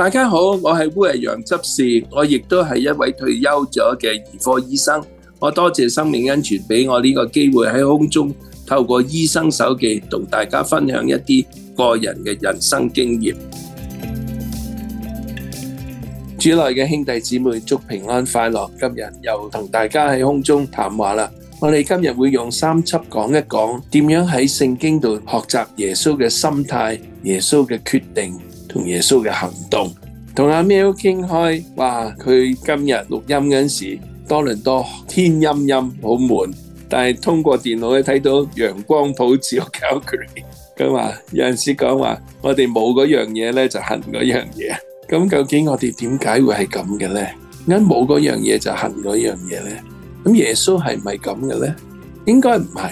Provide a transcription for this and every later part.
大家好，我係烏日陽執事，我亦都係一位退休咗嘅兒科醫生。我多謝生命恩泉俾我呢個機會喺空中透過醫生手記同大家分享一啲個人嘅人生經驗。主內嘅兄弟姊妹，祝平安快樂。今日又同大家喺空中談話啦。我哋今日會用三輯講一講點樣喺聖經度學習耶穌嘅心態、耶穌嘅決定。同耶穌嘅行動。同阿 Mel 傾開，話佢今日錄音嗰陣時，多倫多天陰陰好悶，但係通過電腦咧睇到陽光普照。佢話有陣時講話，我哋冇嗰樣嘢咧就恨嗰樣嘢，咁究竟我哋點解會係咁嘅咧？啱冇嗰樣嘢就恨嗰樣嘢咧？咁耶穌係唔係咁嘅咧？應該唔係，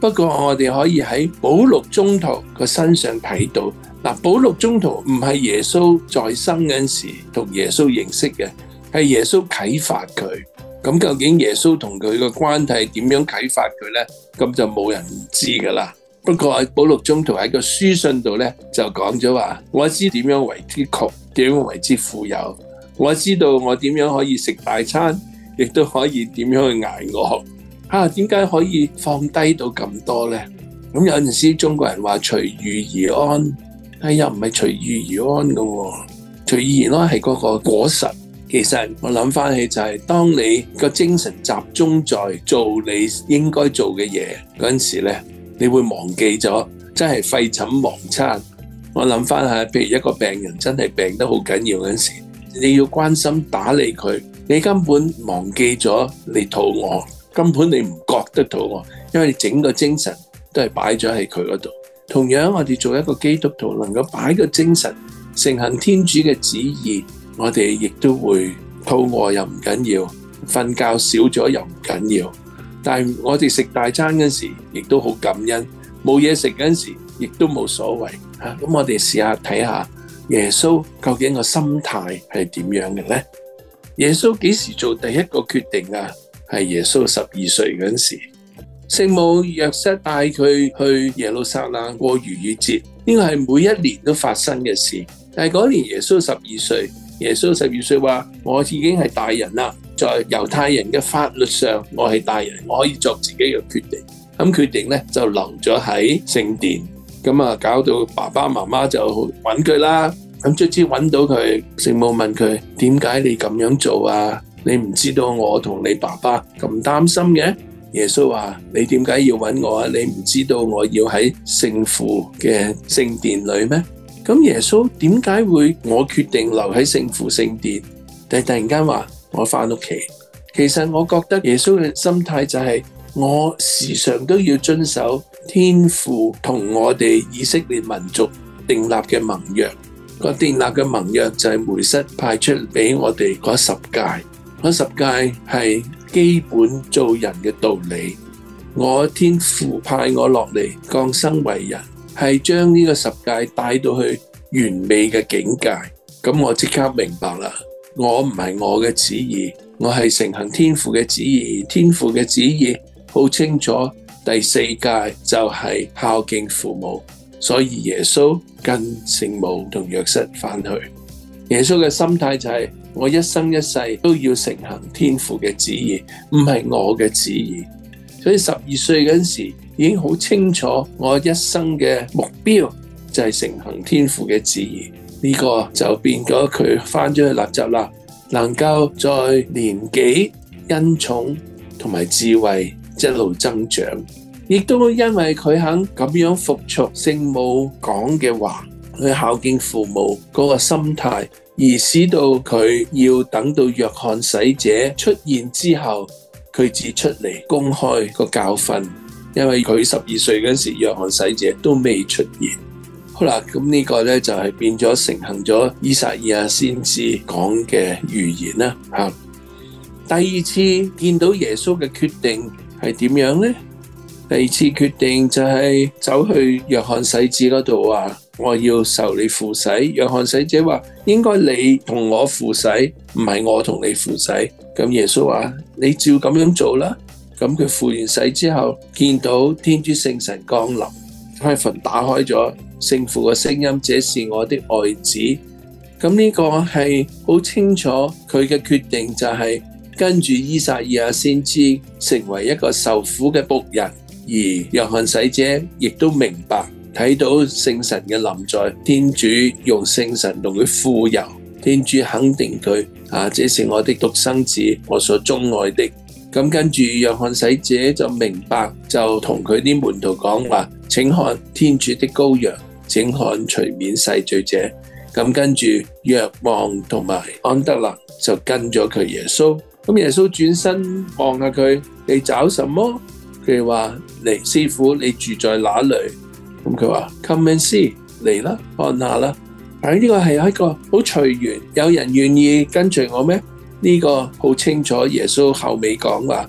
不過我哋可以喺保祿宗徒個身上睇到。嗱，保祿宗徒唔係耶穌在生嗰陣時同耶穌認識嘅，係耶穌啟發佢。咁究竟耶穌同佢個關係點樣啟發佢呢？咁就冇人知㗎喇。不過保祿宗徒喺個書信度呢，就講咗話：我知道點樣為之窮，點樣為之富有。我知道我點樣可以食大餐，亦都可以點樣去挨餓。啊，嚇，點解可以放低到咁多呢？咁有陣時中國人話隨遇而安。係又唔係隨遇而安噶喎。哦，隨遇而安係嗰個果實。其實我諗翻起就係，是，當你個精神集中在做你應該做嘅嘢嗰陣時咧，你會忘記咗真係廢寢忘餐。我諗翻下，譬如一個病人真係病得好緊要嗰陣時，你要關心打理佢，你根本忘記咗你肚餓，根本你唔覺得肚餓，因為你整個精神都係擺咗喺佢嗰度。同樣我哋做一個基督徒，能夠擺個精神，承行天主嘅旨意，我哋亦都會肚餓又唔緊要，瞓覺少咗又唔緊要。但係我哋食大餐嗰時，亦都好感恩；冇嘢食嗰時，亦都冇所謂。吓，咁我哋試下睇下耶穌究竟個心態係點樣嘅呢？耶穌幾時做第一個決定啊？係耶穌十二歲嗰時。聖母約瑟帶佢去耶路撒冷過逾越節，呢個係每一年都發生嘅事。但係嗰年耶穌十二歲，耶穌十二歲話：我已經係大人啦，在猶太人嘅法律上，我係大人，我可以作自己嘅決定。咁、嗯、決定咧就留咗喺聖殿，咁、嗯、啊搞到爸爸媽媽就揾佢啦。咁、嗯、最終揾到佢，聖母問佢：點解你咁樣做啊？你唔知道我同你爸爸咁擔心嘅？耶穌話：你點解要揾我啊？你唔知道我要喺聖父嘅聖殿裏咩？咁耶穌點解會我決定留喺聖父聖殿，但係突然間話我翻屋企？其實我覺得耶穌嘅心態就係我時常都要遵守天父同我哋以色列民族訂立嘅盟約。個訂立嘅盟約就係梅瑟派出俾我哋嗰十誡，嗰十誡係，基本做人嘅道理，我天父派我落嚟降生為人，係將呢個十誡帶到去完美嘅境界。咁我即刻明白啦，我唔係我嘅旨意，我係承行天父嘅旨意。天父嘅旨意好清楚，第四誡就係孝敬父母。所以耶穌跟聖母同約瑟翻去，耶穌嘅心態就係、是。我一生一世都要承行天父嘅旨意，唔係我嘅旨意。所以十二歲嗰陣時候，已經好清楚我一生嘅目標就係、是、承行天父嘅旨意。呢、這個就變咗佢翻咗去納匝肋啦，能夠在年紀恩寵同埋智慧一路增長，亦都因為佢肯咁樣服從聖母講嘅話，去孝敬父母嗰個心態。而使到佢要等到若翰洗者出現之後，佢至出嚟公開個教訓，因為佢十二歲嗰陣時候，若翰洗者都未出現。好啦，咁呢個呢，就係變咗成行咗以撒亞先知講嘅預言啦。吓，第二次見到耶穌嘅決定係點樣呢？第二次決定就係走去若翰洗者嗰度話我要受你扶洗，約翰使者話應該你同我扶洗，唔係我同你扶洗。咁耶穌話你照咁樣做啦。咁佢扶完洗之後，見到天主聖神降臨，開墳打開咗聖父嘅聲音，這是我的愛子。咁呢個係好清楚佢嘅決定就係跟住依撒意亞先知成為一個受苦嘅僕人，而約翰使者亦都明白。睇到聖神嘅臨在，天主用聖神同佢傅油，天主肯定佢啊，這是我的獨生子，我所鍾愛的。咁跟住若翰洗者就明白，就同佢啲門徒講話：請看天主的羔羊，請看除免世罪者。咁跟住若望同埋安德肋就跟咗佢耶穌。咁耶穌轉身望下佢：你找什麼？佢話：嚟師傅，你住在哪裏？咁佢話：Come and see，嚟啦，按下啦。但呢個係一個好隨緣，有人願意跟隨我咩？呢、這個好清楚。耶穌後尾講話，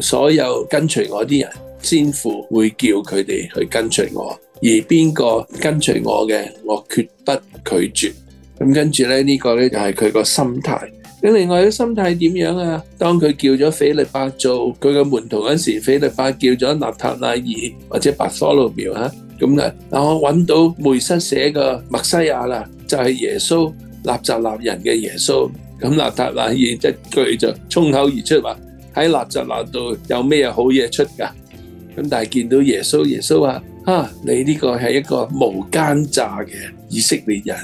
所有跟隨我啲人，先父會叫佢哋去跟隨我。而邊個跟隨我嘅，我決不拒絕。咁跟住咧，呢、這個咧就係佢個心態。咁另外啲心態點樣啊？當佢叫咗菲律伯做佢個門徒嗰時，菲律伯叫咗納塔乃爾或者拔撒路苗啊！咁啊、嗯，我揾到梅瑟寫個默西亞啦，就係耶穌納匝肋人嘅耶穌。咁納,納,、嗯、納達納爾即句就着衝口而出話：喺納匝肋度有咩好嘢出噶？咁、嗯、但係見到耶穌，耶穌話、啊：你呢個係一個無奸詐嘅以色列人。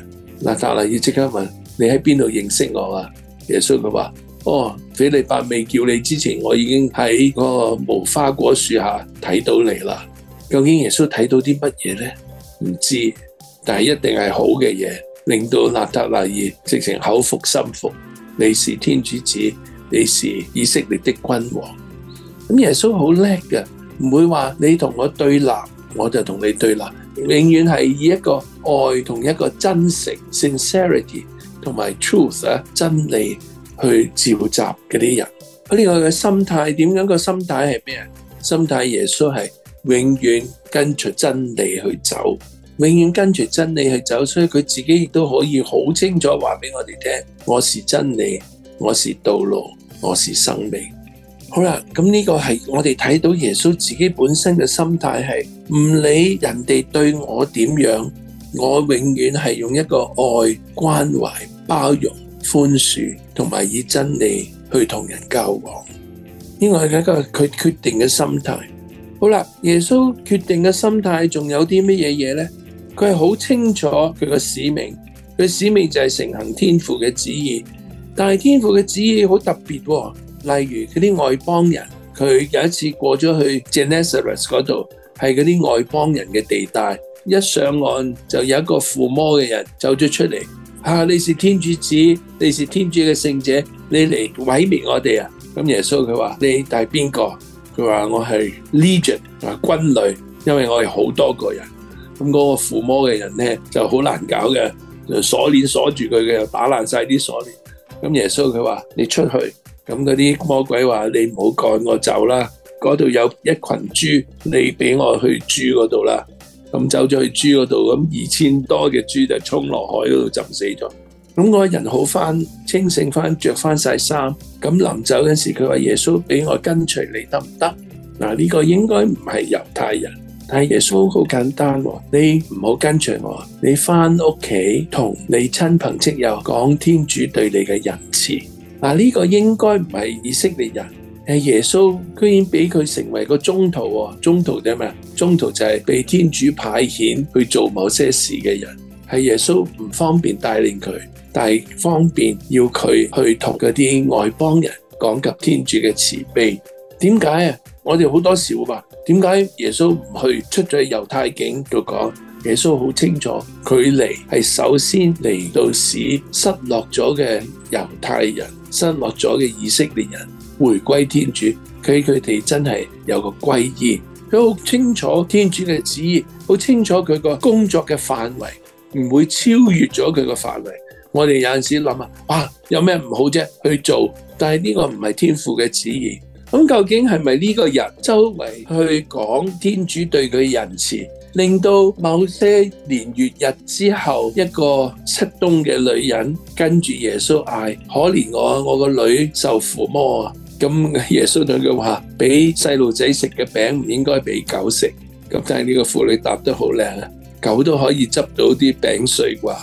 納達納爾即刻問：你喺邊度認識我啊？耶穌佢話：哦，斐理伯未叫你之前，我已經喺嗰個無花果樹下睇到你啦。究竟耶穌睇到啲乜嘢呢？唔知，但係一定係好嘅嘢，令到納達納爾直情口服心服。你是天主子，你是以色列的君王。咁耶穌好叻㗎，唔會話你同我對立，我就同你對立。永遠係以一個愛同一個真誠 （sincerity） 同埋 truth 啊，真，真，真理去召集嗰啲人。佢呢個嘅心態點樣？個心態係咩？心態耶穌係。永遠跟隨真理去走，永遠跟隨真理去走，所以佢自己亦都可以好清楚話俾我哋聽：我是真理，我是道路，我是生命。好啦，咁呢個係我哋睇到耶穌自己本身嘅心態，係唔理人哋對我點樣，我永遠係用一個愛、關懷、包容、寬恕，同埋以真理去同人交往。呢個係一個佢決定嘅心態。好啦，耶穌決定嘅心態仲有啲乜嘢嘢咧？佢係好清楚佢嘅使命，佢使命就係成行天父嘅旨意。但係天父嘅旨意好特別喎、哦，例如嗰啲外邦人，佢有一次過咗去 Genesareth 嗰度，係嗰啲外邦人嘅地帶，一上岸就有一個附魔嘅人走咗出嚟。嚇、啊，你是天主子，你是天主嘅聖者，你嚟毀滅我哋啊！咁耶穌佢話：你帶邊個？佢話我係 Legion 啊，軍隊，因為我係好多個人，咁、那、嗰個附魔嘅人呢，就好難搞嘅，鎖鏈鎖住佢嘅，打爛晒啲鎖鏈。咁耶穌佢話：你出去，咁嗰啲魔鬼話你唔好趕我走啦。嗰度有一群豬，你俾我去豬嗰度啦。咁走咗去豬嗰度，咁二千多嘅豬就衝落海嗰度浸死咗。咁我人好翻，清醒翻，着翻晒衫。咁臨走嗰時，佢話耶穌，俾我跟隨你得唔得？嗱，呢個應該唔係猶太人，但係耶穌好簡單喎。你唔好跟隨我，你翻屋企同你親朋戚友講天主對你嘅仁慈。嗱，呢個應該唔係以色列人，係耶穌居然俾佢成為個宗徒喎。宗徒點啊？宗徒就係被天主派遣去做某些事嘅人，係耶穌唔方便帶領佢。但係方便，要佢去同嗰啲外邦人講及天主嘅慈悲，點解啊？我哋好多時會話，點解耶穌唔去出咗去猶太境度講？耶穌好清楚，佢嚟係首先嚟到使失落咗嘅猶太人、失落咗嘅以色列人回歸天主，佢佢哋真係有個歸依。佢好清楚天主嘅旨意，好清楚佢個工作嘅範圍，唔會超越咗佢個範圍。我哋有陣時諗啊，哇，有咩唔好啫？去做，但係呢個唔係天父嘅旨意。咁究竟係咪呢個人周圍去講天主對佢仁慈，令到某些年月日之後，一個漆冬嘅女人跟住耶穌嗌：可憐我，我個女受附魔啊！咁耶穌對佢話：俾細路仔食嘅餅唔應該俾狗食。咁但係呢個婦女答得好靚啊，狗都可以執到啲餅碎啩。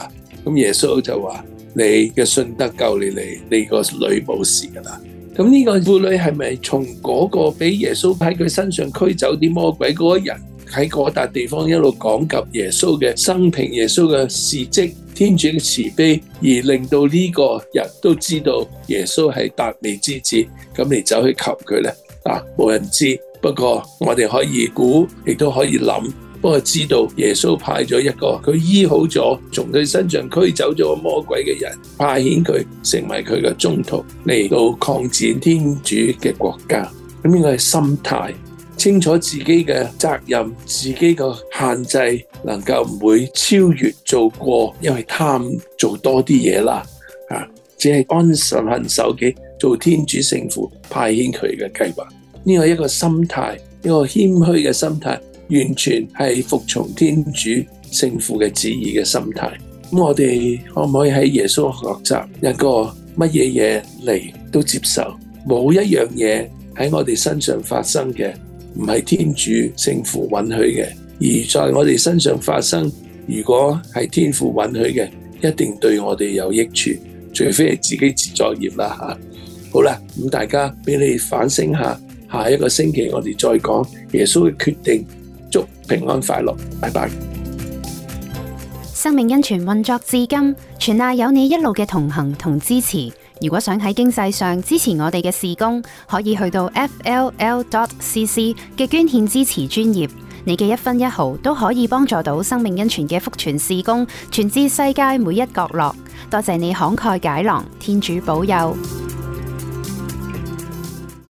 咁耶穌就話：你嘅信德救你嚟，你個女冇事噶啦。咁呢個婦女係咪從嗰個俾耶穌喺佢身上驅走啲魔鬼嗰個人喺嗰笪地方一路講及耶穌嘅生平、耶穌嘅事蹟、天主嘅慈悲，而令到呢個人都知道耶穌係達利之子，咁你走去求佢呢？啊，冇人知。不過我哋可以估，亦都可以諗。不過知道耶穌派咗一個佢醫好咗，從佢身上驅走咗魔鬼嘅人，派遣佢成為佢嘅宗徒嚟到抗戰天主嘅國家。呢個係心態，清楚自己嘅責任，自己個限制，能夠唔會超越做過，因為貪做多啲嘢啦。啊，只係安神恆守嘅做天主聖父派遣佢嘅計劃。呢個係一個心態，一個謙虛嘅心態。完全係服從天主聖父嘅旨意嘅心態。咁我哋可唔可以喺耶穌學習一個乜嘢嘢嚟都接受？冇一樣嘢喺我哋身上發生嘅唔係天主聖父允許嘅。而在我哋身上發生，如果係天父允許嘅，一定對我哋有益處，除非係自己自作孽啦吓。好啦，咁大家俾你反省下，下一個星期我哋再講耶穌嘅決定。平安快樂，拜拜。生命恩泉運作至今，全賴有你一路嘅同行同支持。如果想喺經濟上支持我哋嘅事工，可以去到 fll.cc 嘅捐獻支持專頁。你嘅一分一毫都可以幫助到生命恩泉嘅福傳事工，傳至世界每一角落。多謝你慷慨解囊，天主保佑。